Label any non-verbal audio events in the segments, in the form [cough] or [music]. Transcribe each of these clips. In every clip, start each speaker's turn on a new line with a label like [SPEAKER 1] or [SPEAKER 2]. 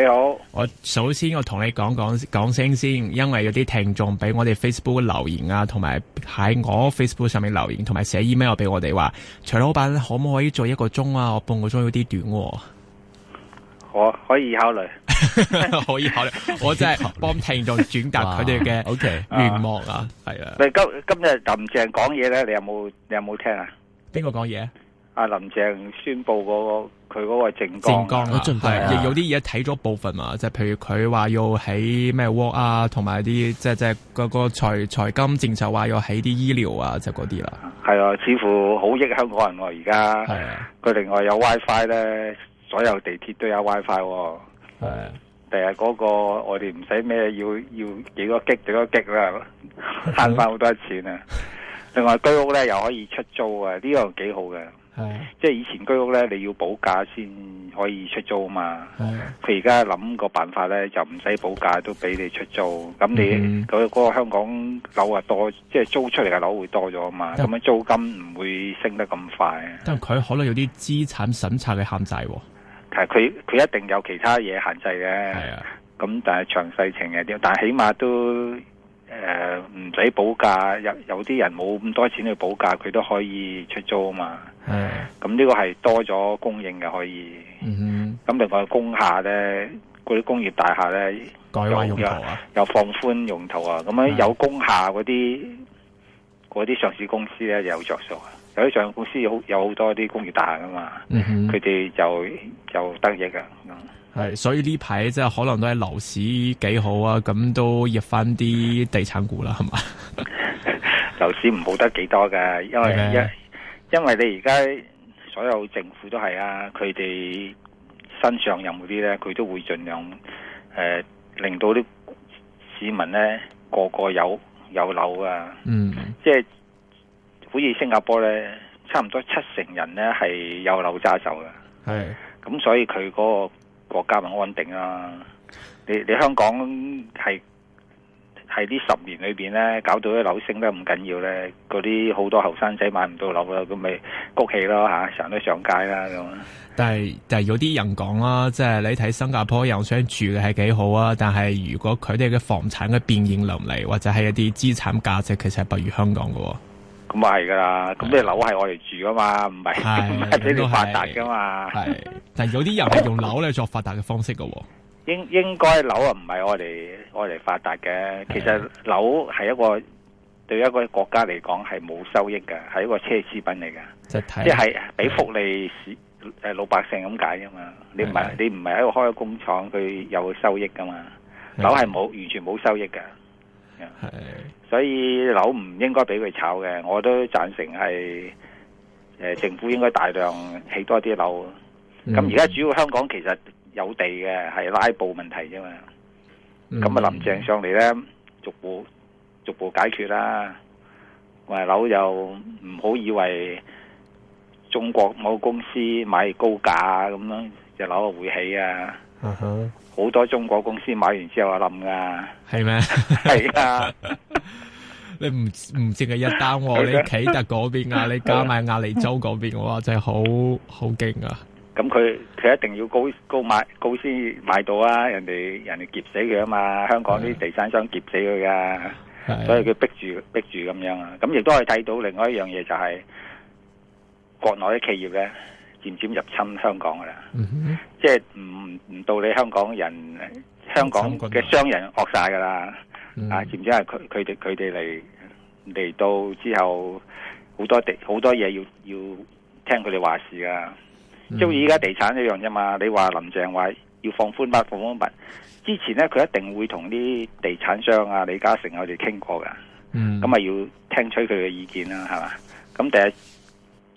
[SPEAKER 1] 你好，我首先我同你講講講聲先，因為有啲聽眾俾我哋 Facebook 留言啊，同埋喺我 Facebook 上面留言，同埋寫 email 俾我哋話，徐老闆可唔可以做一個鐘啊？我半個鐘有啲短，可
[SPEAKER 2] 可以考慮，可以考
[SPEAKER 1] 慮， [laughs] 我真係幫聽眾轉達佢哋嘅，OK，願望啊，係、okay，啊。啊今今日
[SPEAKER 2] 林鄭講嘢咧，你有冇你有冇聽啊？
[SPEAKER 1] 邊個講嘢？
[SPEAKER 2] 阿林鄭宣布嗰個佢嗰個政綱，亦有
[SPEAKER 1] 啲嘢睇咗部分嘛，即係譬如佢話要起咩屋啊，同埋啲即係即係個財財金政策話要起啲醫療啊，就嗰啲啦。
[SPEAKER 2] 係啊，似乎好益香港人喎，而家。係啊。佢、啊、另外有 WiFi 咧，所有地鐵都有 WiFi。係、啊。第日嗰個我哋唔使咩要要，要幾個擊幾個擊啦，慳翻好多錢啊！ [laughs] 另外居屋咧又可以出租啊，呢個幾好嘅。是啊，即係以前居屋咧，你要補價先可以出租啊嘛。佢而家諗個辦法咧，就唔使補價都俾你出租。咁你嗰、嗯、個香港樓啊多，即係租出嚟嘅樓會多咗啊嘛。咁但樣租金唔會升得咁快，
[SPEAKER 1] 啊。但係佢可能有啲資產審查嘅限制，啊。但
[SPEAKER 2] 佢佢一定有其他嘢限制嘅。係啊，咁但係詳細情況點？但係起碼都。誒，唔使補價，有有啲人冇咁多錢去補價，佢都可以出租啊嘛。的嗯，咁呢個係多咗供應嘅，可以。嗯，咁哼另外工廈咧，嗰啲工業大廈咧，
[SPEAKER 1] 改換用
[SPEAKER 2] 途又放寬用途啊。咁樣有工廈嗰啲，啲上市公司咧有着數，有啲上市公司有有好多啲工業大廈噶嘛。佢哋、嗯、哼就就得益噶。嗯
[SPEAKER 1] 係，所以呢排即係可能都係樓市幾好啊，咁都入翻啲地產股啦，係嘛？
[SPEAKER 2] 樓 [laughs] 市唔好得幾多嘅，因為因嗎因為你而家所有政府都係啊，佢哋身上任嗰啲咧，佢都會盡量誒、呃、令到啲市民咧個，個個有有樓啊。嗯、就係，即係好似新加坡咧，差唔多七成人咧係有樓揸手嘅。係，咁所以佢嗰、嗰個。國家咪安定啊。你你香港係係呢十年裏面咧，搞到啲樓升得咁緊要咧，嗰啲好多後生仔買唔到樓啦，咁咪谷氣咯、嚇，成、啊、日都上街啦咁樣，
[SPEAKER 1] 但係但係有啲人講啦、啊，即、就、係、是、你睇新加坡又想住嘅係幾好啊，但係如果佢哋嘅房產嘅變現流嚟，或者係一啲資產價值其實係不如香港喎、哦。
[SPEAKER 2] 咁啊係噶啦，咁你樓係我哋住噶嘛，唔係唔係俾你發達噶嘛。
[SPEAKER 1] 係，但有啲人用樓咧作發達嘅方式噶。
[SPEAKER 2] 應應該樓啊唔係我哋我哋發達嘅，其實樓係一個對一個國家嚟講係冇收益嘅，係一個奢侈品嚟噶，
[SPEAKER 1] 即係俾福
[SPEAKER 2] 利誒老百姓咁解啫嘛。你唔係你唔係喺度開個工廠佢有收益噶嘛？樓係冇完全冇收益噶。係。所以樓唔應該俾佢炒嘅，我都贊成係誒政府應該大量起多啲樓。咁而家主要香港其實有地嘅，係拉布問題啫嘛。咁啊林鄭上嚟呢，逐步逐步解決啦。喂，樓又唔好以為中國某公司買高價咁樣，隻樓會起啊。嗯哼，好多中國公司買完之後冧噶，係咩？係啊，
[SPEAKER 1] 你唔唔淨係一單喎，你企喺嗰邊啊，你加埋亞利州嗰邊嘅話，真係好好勁啊！
[SPEAKER 2] 咁佢佢一定要高高買高先買到啊！人哋人哋劫死佢啊嘛，香港啲地產商劫死佢噶，所以佢逼住逼住咁樣啊！咁亦都可以睇到另外一樣嘢，就係國內嘅企業咧。漸漸入侵香港噶啦，嗯、哼即係唔唔道理香，香港人香港嘅商人惡晒噶啦，嗯、啊，漸漸係佢佢哋佢哋嚟嚟到之後，好多地好多嘢要要聽佢哋話事噶。即係好似依家地產一樣啫嘛。你話林鄭話要放寬法放寬法，之前咧佢一定會同啲地產商啊、李嘉誠啊，佢哋傾過噶，咁啊、嗯、要聽取佢嘅意見啦，係嘛，咁第日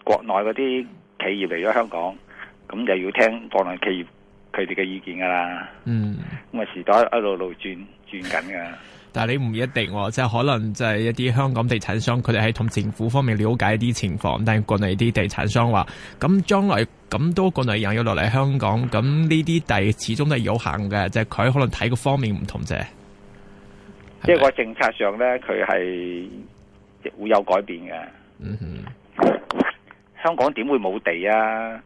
[SPEAKER 2] 國內嗰啲。企業嚟咗香港，咁就要聽國內企業佢哋嘅意見噶啦。嗯，咁啊時代一路路轉轉緊噶。
[SPEAKER 1] 但係你唔一定，哦，即係可能即係一啲香港地產商，佢哋喺同政府方面了解一啲情況，但係國內啲地產商話，咁將來咁多國內人要落嚟香港，咁呢啲地始終都係有限嘅，即係佢可能睇個方面唔同啫。
[SPEAKER 2] 即係個政策上咧，佢係亦會有改變嘅。嗯哼。香港點會冇地啊？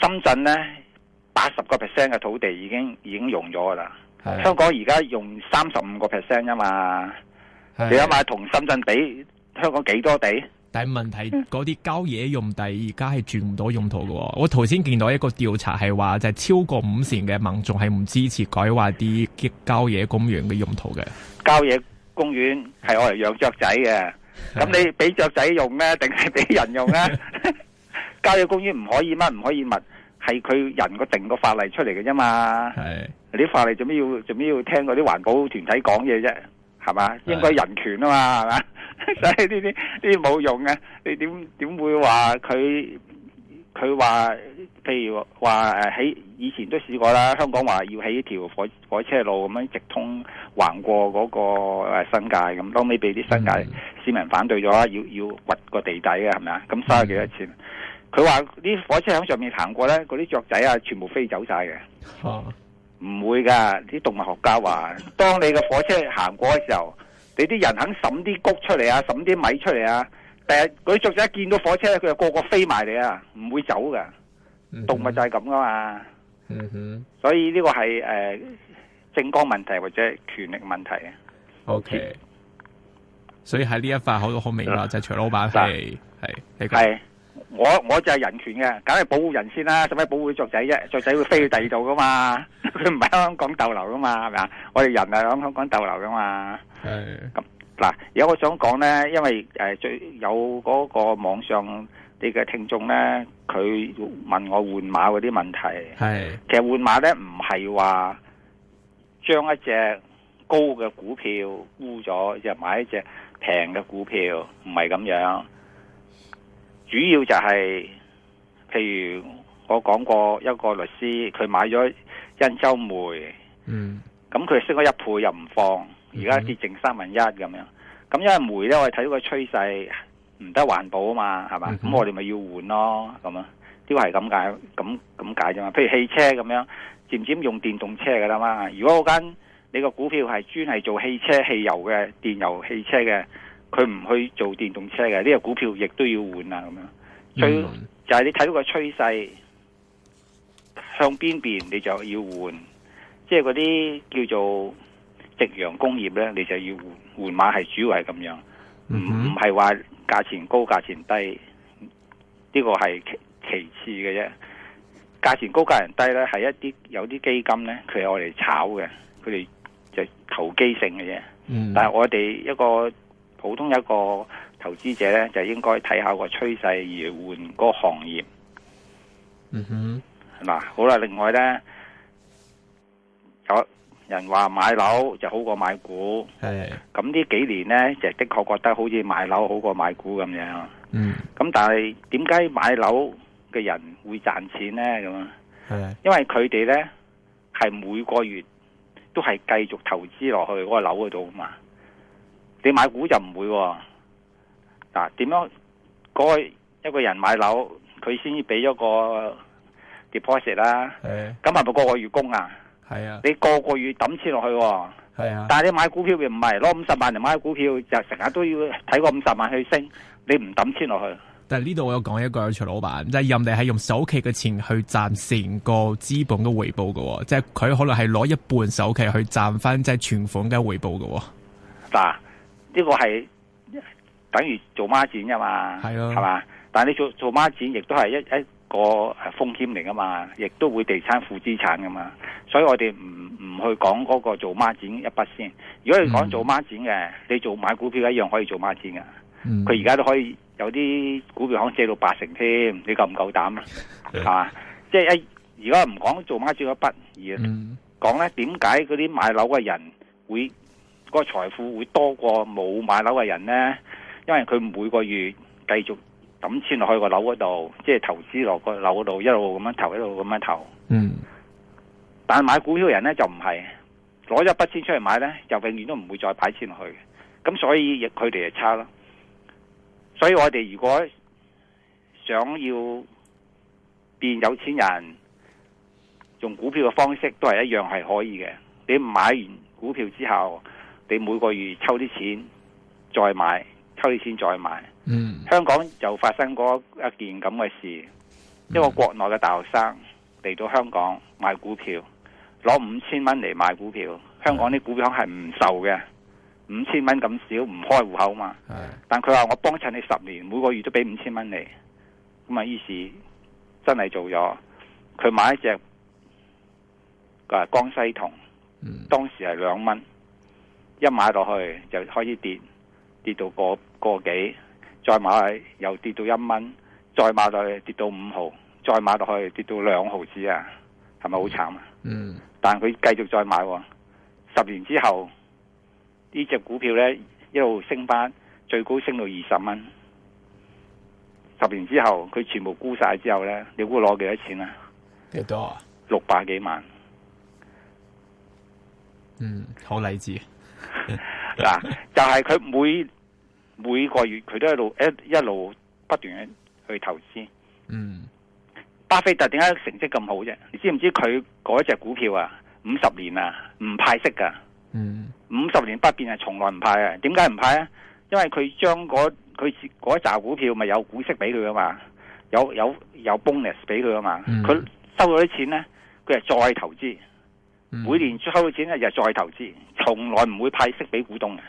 [SPEAKER 2] 深圳咧，八十個 percent 嘅土地已經已經用咗噶啦。是的 香港現在35而家用三十五個 percent 啊嘛。是的 你諗下同深圳比？香港幾多地？
[SPEAKER 1] 但係問題嗰啲郊野用地而家係轉唔到用途噶喎。 [laughs] 我頭先見到一個調查係話，就係超過五成嘅民眾係唔支持改劃啲郊野公園嘅用途嘅。
[SPEAKER 2] 郊野公園係我嚟養雀仔嘅。咁 [laughs] 你俾雀仔用咩定係俾人用咧？郊野 [laughs] 公園唔可以乜，唔可以物，係佢人個定個法例出嚟嘅啫嘛。係啲 [laughs] 法例做咩要做咩要聽嗰啲環保團體講嘢啫？係嘛，應該人權啊嘛，係嘛。 [laughs] [laughs] [laughs] 所以呢啲呢啲冇用嘅，你點點會話佢？佢話，譬如話誒喺以前都試過啦，香港話要起條火火車路咁樣直通橫過嗰個新界，咁後尾俾啲新界市民反對咗，要要挖個地底嘅係咪啊？咁嘥幾多錢？佢話啲火車喺上面行過咧，嗰啲雀仔啊全部飛走晒嘅，唔、啊、會㗎。啲動物學家話，當你個火車行過嘅時候，你啲人肯嬸啲谷出嚟啊，嬸啲米出嚟啊。但係嗰啲雀仔一見到火車咧，佢就個個飛埋嚟啊，唔會走噶。動物就係咁噶嘛，所以呢個係誒政綱問題或者權力問題啊。
[SPEAKER 1] O K，所以喺呢一塊好都好明啦，就係徐老闆係係係，
[SPEAKER 2] 我我就係人權嘅，梗係保護人先啦，使乜保護雀仔啫？雀仔會飛去第二度噶嘛？佢唔係香港逗留噶嘛？係咪啊？我哋人係響香港逗留噶嘛？係咁。嗱，有我想講咧，因為誒最有嗰個網上啲嘅聽眾咧，佢問我換馬嗰啲問題。係其實換馬咧唔係話將一隻高嘅股票沽咗，就買一隻平嘅股票，唔係咁樣。主要就係，譬如我講過一個律師，佢買咗兗州煤，嗯，咁佢升咗一倍又唔放。而家跌剩三分一咁樣，咁因為煤咧，我哋睇到個趨勢唔得環保啊嘛，係嘛，咁這我哋咪要換咯，咁啊，啲係係咁解，咁咁解啫嘛。譬如汽車咁樣，漸漸用電動車噶啦嘛。如果嗰間你個股票係專係做汽車汽油嘅，電油汽車嘅，佢唔去做電動車嘅，呢、這個股票亦都要換啊。咁樣最就係你睇到個趨勢向邊邊，你就要換，即係嗰啲叫做。夕陽工業咧，你就要換換馬，係主要係咁樣，唔唔係話價錢高價錢低，呢、這個係其，其次嘅啫。價錢高價錢低咧，係一啲有啲基金咧，佢係、mm hmm. 我哋炒嘅，佢哋就係投機性嘅啫。但係我哋一個普通一個投資者咧，就應該睇下個趨勢而換個行業。嗯哼、mm，嗱、hmm.，好啦，另外咧。人話，買樓就好過買股，係咁呢幾年呢，就的確覺得好似買樓好過買股咁樣。嗯，咁但係點解買樓嘅人會賺錢呢？咁啊，因為佢哋呢，係每個月都係繼續投資落去嗰個樓嗰度嘛。你買股就唔會、啊，嗱、啊，點樣個一、個人買樓，佢先俾咗個 deposit 啦、啊，咁係咪個個月供啊？係啊，你個個月抌錢落去、哦，係啊，但係你買股票又唔係攞五十萬嚟買股票，就成日都要睇個五十萬去升，你唔抌錢落去。
[SPEAKER 1] 但係呢度我有講一句，徐老闆，即係人哋係用首期嘅錢去賺成個資本嘅回報嘅、哦，即係佢可能係攞一半首期去賺翻即係存款嘅回報嘅、
[SPEAKER 2] 哦。嗱、啊，呢、這個係等於做孖展嘅嘛？係啊，係嘛？但係你做做孖展亦都係一,一我係風險嚟噶嘛，亦都會地產負資產噶嘛，所以我哋唔唔去講嗰個做孖展一筆先。如果你講做孖展嘅，嗯、你做買股票一樣可以做孖展噶。佢而家都可以有啲股票行借到八成添，你夠唔夠膽啊？係嘛的？即係一，而家唔講做孖展一筆，而講咧，點解嗰啲買樓嘅人會、嗰個財富會多過冇買樓嘅人咧？因為佢每個月繼續。抌錢落去個樓嗰度，即係投資落個樓嗰度，一路咁樣投，一路咁樣投。嗯。但係買股票人咧就唔係，攞一筆錢出嚟買咧，就永遠都唔會再擺錢落去。咁所以亦佢哋係差咯。所以我哋如果想要變有錢人，用股票嘅方式都係一樣係可以嘅。你買完股票之後，你每個月抽啲錢再買。抽啲錢再買，香港就發生過一件咁嘅事，一個國內嘅大學生嚟到香港買股票，攞五千蚊嚟買股票，香港啲股票係唔售嘅，五千蚊咁少，唔開戶口嘛。但佢話我幫襯你十年，每個月都俾五千蚊你，咁啊，於是真係做咗，佢買一隻江西銅，當時係兩蚊，一買落去就開始跌。跌到個個幾，再買又跌到一蚊，再買落去跌到五毫，再買落去跌到兩毫紙啊！係咪好慘啊？嗯，但佢繼續再買，哦，十年之後呢隻股票呢一路升翻，最高升到二十蚊。十年之後佢全部沽晒之後呢，你估佢攞幾多錢啊？
[SPEAKER 1] 幾多啊？
[SPEAKER 2] 六百幾萬。嗯，
[SPEAKER 1] 好勵志。
[SPEAKER 2] 嗱 [laughs] [laughs] 就係佢每每個月佢都一路一一路不斷地去投資。嗯，巴菲特點解成績咁好啫？你知唔知佢嗰隻股票啊？五十年啊，唔派息噶。嗯，五十年不變係從來唔派啊。點解唔派啊？因為佢將嗰佢嗰一紮股票咪有股息俾佢噶嘛？有有有 bonus 俾佢啊嘛？佢、嗯、收咗啲錢咧，佢係再投資。嗯、每年收咗錢咧就再投資，從來唔會派息俾股東嘅。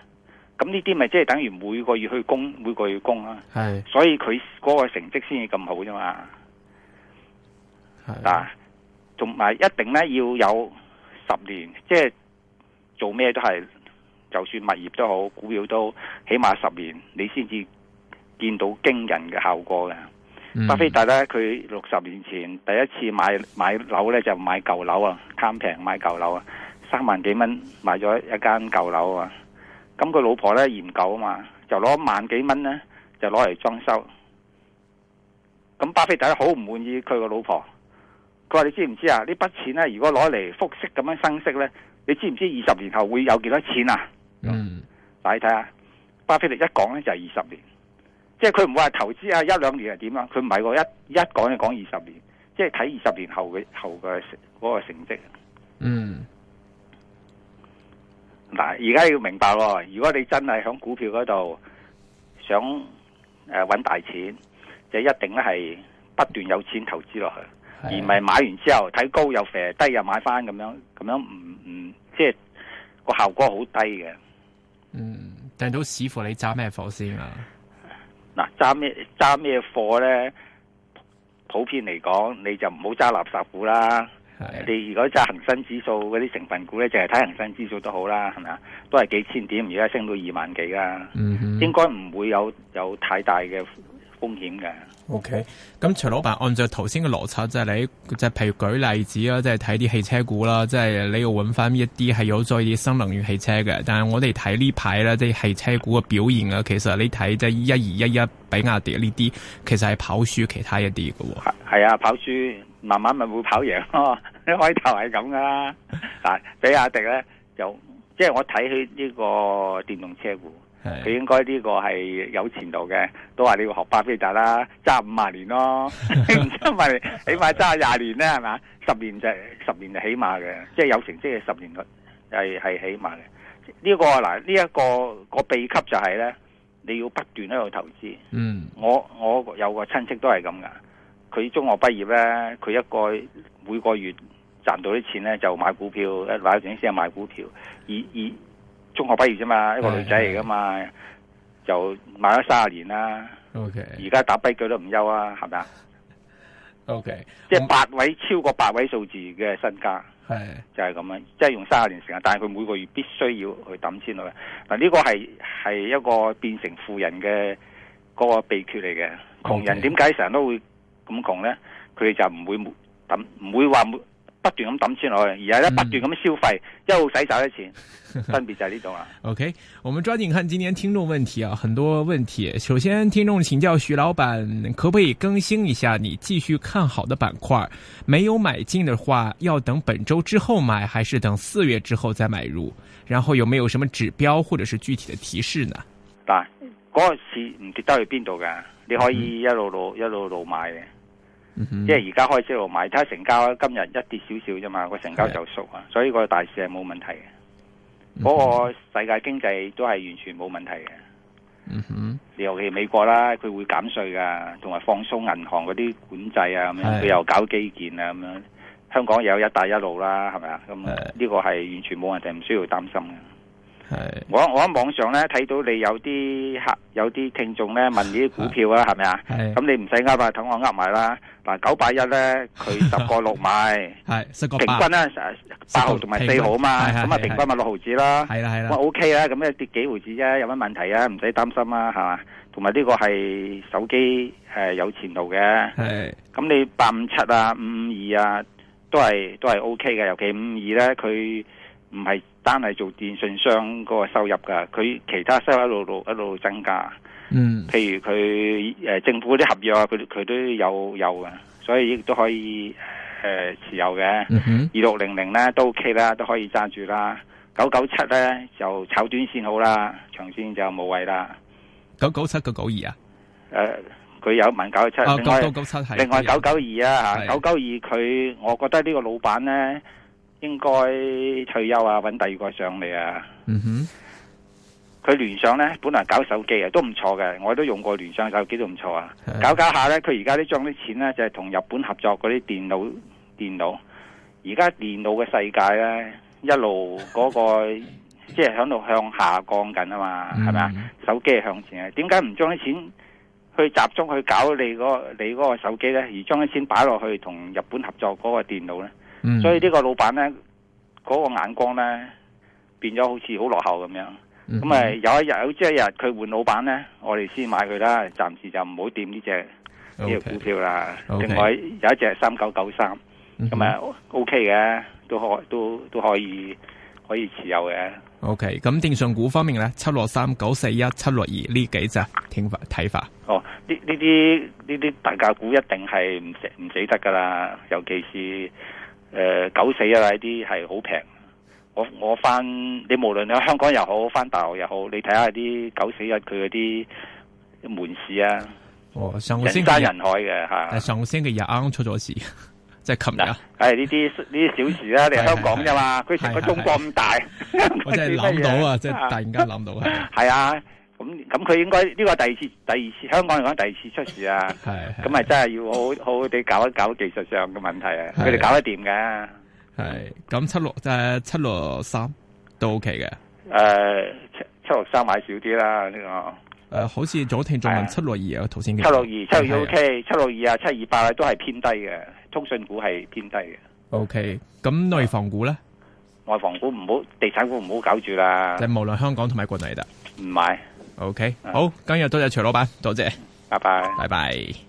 [SPEAKER 2] 咁呢啲咪即係等於每個月去供，每個月供啦，是的 所以佢嗰個成績先至咁好啫嘛、啊。同埋是的 一定咧要有十年，即係做咩都係，就算物業都好，股票都起碼十年，你先至見到驚人嘅效果嘅。嗯、巴菲特咧，佢六十年前第一次買，買樓咧，就買舊樓啊，貪平買舊樓啊，三萬幾蚊買咗一間舊樓啊。咁佢老婆咧研究啊嘛，就攞萬幾蚊咧，就攞嚟裝修。咁巴菲特好唔滿意佢個老婆，佢話：你知唔知啊？呢筆錢咧，如果攞嚟複息咁樣生息咧，你知唔知二十年後會有幾多錢啊？
[SPEAKER 3] 嗯，
[SPEAKER 2] 你睇下巴菲特一講咧就係二十年，即係佢唔會話投資啊一兩年係點啊？佢唔係喎，一一講就講二十年，即係睇二十年後嘅後嘅成、嗰個成績。嗯。嗱，而家要明白喎，如果你真係喺股票嗰度想誒搵、呃、大錢，就一定咧係不斷有錢投資落去，的而唔係買完之後睇高又肥，低又買翻咁樣，咁樣唔唔即係個效果好低嘅。嗯，但、
[SPEAKER 1] 嗯嗯、到視乎你揸咩貨先啊？
[SPEAKER 2] 嗱，揸咩揸咩貨咧？普遍嚟講，你就唔好揸垃圾股啦。你係，如果揸恒生指數嗰啲成分股咧，淨係睇恒生指數都好啦，係咪啊？都係幾千點，而家升到二萬幾啦，嗯、哼應該唔會有有太大嘅。風
[SPEAKER 1] 險嘅。OK，咁徐老闆按照頭先嘅邏輯，即係你即係譬如舉例子啦，即係睇啲汽車股啦，即係你要揾翻一啲係有做啲新能源汽車嘅。但係我哋睇呢排咧，即係汽車股嘅表現啊，其實你睇即係一二一一比亞迪呢啲，其實係跑輸其他一啲嘅。係係啊，
[SPEAKER 2] 啊，跑輸，慢慢咪會跑贏咯、啊。一開頭係咁噶啦，但係比亞、 [laughs] 啊、迪咧就即係我睇起呢個電動車股。佢應該呢個係有前途嘅，都話你要學巴菲特啦，揸五萬年咯，唔起碼揸廿年啦，係嘛？十年就十年就起碼嘅，即係有成績十年率係係起碼嘅。呢、這個嗱、呢、這、一個個秘笈就係、是、咧，你要不斷喺度投資。嗯我，我我有個親戚都係咁噶，佢中學畢業咧，佢一個每個月賺到啲錢咧就買股票，一買完先買股票，而而。中學畢業啫嘛，一個女仔嚟噶嘛，是是是是就買咗卅年啦。O K，而家打跛腳都唔憂啊，係咪啊？O K，即係八位我超過八位數字嘅身家，係是是 就係咁樣！即、就、係、是、用卅年時間，但係佢每個月必須要去揼錢落去。嗱、啊，呢、這個係係一個變成富人嘅嗰個秘訣嚟嘅。Okay. 窮人點解成日都會咁窮咧？佢哋就唔會揼，唔會話冇。不斷咁抌錢落去，而係咧不斷咁消費，一路使晒啲錢， [laughs] 分別就係呢
[SPEAKER 1] 種啊。OK，我們抓緊看今年聽眾問題啊，很多問題。首先，聽眾請教徐老闆，可不可以更新一下你繼續看好的板塊？沒有買進的話，要等本周之後買，還是等四月之後再買入？然後有沒有什麼指標或者是具體的提示呢？嗱、
[SPEAKER 2] 啊，嗰、那個市唔跌得去邊度嘅，你可以一路路、嗯、一路路買嘅。即係而家開始度買，睇下成交，今日一跌少少啫嘛，個成交就縮啊，的所以個大市係冇問題嘅。嗰、嗯、哼個世界經濟都係完全冇問題嘅。嗯哼，尤其是美國啦，佢會減稅噶，同埋放鬆銀行嗰啲管制啊，咁樣佢又搞基建啊，咁樣香港又有一帶一路啦，係咪啊？咁呢個係完全冇問題，唔需要擔心嘅。是我我喺網上咧睇到你有啲客有啲聽眾咧問呢啲股票啊，係咪啊？咁是你唔使呃啊，等我呃埋啦。嗱九八一咧，佢十個六買
[SPEAKER 1] 係，平均咧
[SPEAKER 2] 八號同埋四號啊嘛，咁啊平均咪六毫紙啦。係啦係啦，O K 啦，咁啊跌幾毫紙啫，有乜問題啊？唔使擔心啦、啊，係嘛。同埋呢個係手機誒、呃、有前途嘅。係是，咁你八五七啊，五五二啊，都係都係 O K 嘅，尤其五五二咧，佢唔係。單係做電信商嗰個收入㗎，佢其他收入一路一路增加，嗯，譬如佢誒、呃、政府嗰啲合約啊，佢佢都有有嘅，所以亦都可以誒、呃、持有嘅。二六零零咧都 OK 啦，都可以揸住啦。九九七咧就炒短線好啦，長線就冇位啦。
[SPEAKER 1] 九九七九九二啊？
[SPEAKER 2] 誒、呃，佢有一萬九九七。啊，九九七係。另外九九二啊，九九二佢，我覺得呢個老闆咧。應該退休啊，搵第二個上嚟啊。嗯哼、mm，佢、hmm. 聯想呢，本來搞手機啊，都唔錯嘅，我都用過聯想手機都唔錯啊。Uh huh. 搞搞下呢，佢而家都將啲錢呢，就係、是、同日本合作嗰啲電腦電腦。而家電腦嘅世界呢，一路嗰、嗰個即係響度向下降緊啊嘛，係咪啊？手機係向前嘅，點解唔將啲錢去集中去搞你嗰、嗰個、你嗰個手機呢？而將啲錢擺落去同日本合作嗰個電腦呢？所以呢個老闆呢，嗰、那個眼光呢，變咗好似好落後咁樣。咁啊、嗯、哼有一日有朝一日佢換老闆呢，我哋先買佢啦，暫時就唔好掂呢隻呢、這個股票啦。Okay. 另外有一隻係三九九三，咁啊 OK 嘅，都可都都可以可以持有嘅。
[SPEAKER 1] OK，咁電訊股方面呢，七六三、九四一、七六二呢幾隻聽法睇法？
[SPEAKER 2] 哦，呢呢啲呢啲大價股一定係唔死唔死得噶啦，尤其是。誒、呃，九死一啊，啲係好平。我我翻，你無論你喺香港又好，翻大陸又好，你睇下啲九死一佢嗰啲門市啊，
[SPEAKER 1] 哦、上星人山人
[SPEAKER 2] 海嘅吓。係、
[SPEAKER 1] 係上個星期日啱出咗事，即係琴
[SPEAKER 2] 日。係呢啲呢啲小事啊，嚟香港啫嘛。佢成的個中國咁大，
[SPEAKER 1] 的 [laughs] 我真係諗到啊，即係突然間諗到啊。
[SPEAKER 2] 係啊。 [laughs] 咁咁佢應該呢個第二次第二次香港嚟講第二次出事啊，咁咪真係要好好好地搞一搞技術上嘅問題啊！佢哋搞得掂嘅。
[SPEAKER 1] 係咁七六誒七六三都 OK 嘅。誒七
[SPEAKER 2] 七六三買少啲啦呢個。
[SPEAKER 1] 誒好似早聽仲問七六二啊，頭先嘅七六二
[SPEAKER 2] 七六二 OK，七六二啊七二八啊都係偏低嘅，通訊股係偏低嘅。
[SPEAKER 1] OK，咁內房股咧？
[SPEAKER 2] 外房股唔好，地產股唔好搞住啦。無
[SPEAKER 1] 論香港同埋國內得唔買。O.K. Yeah. 好，今日多謝徐老闆，多謝，拜拜，拜拜。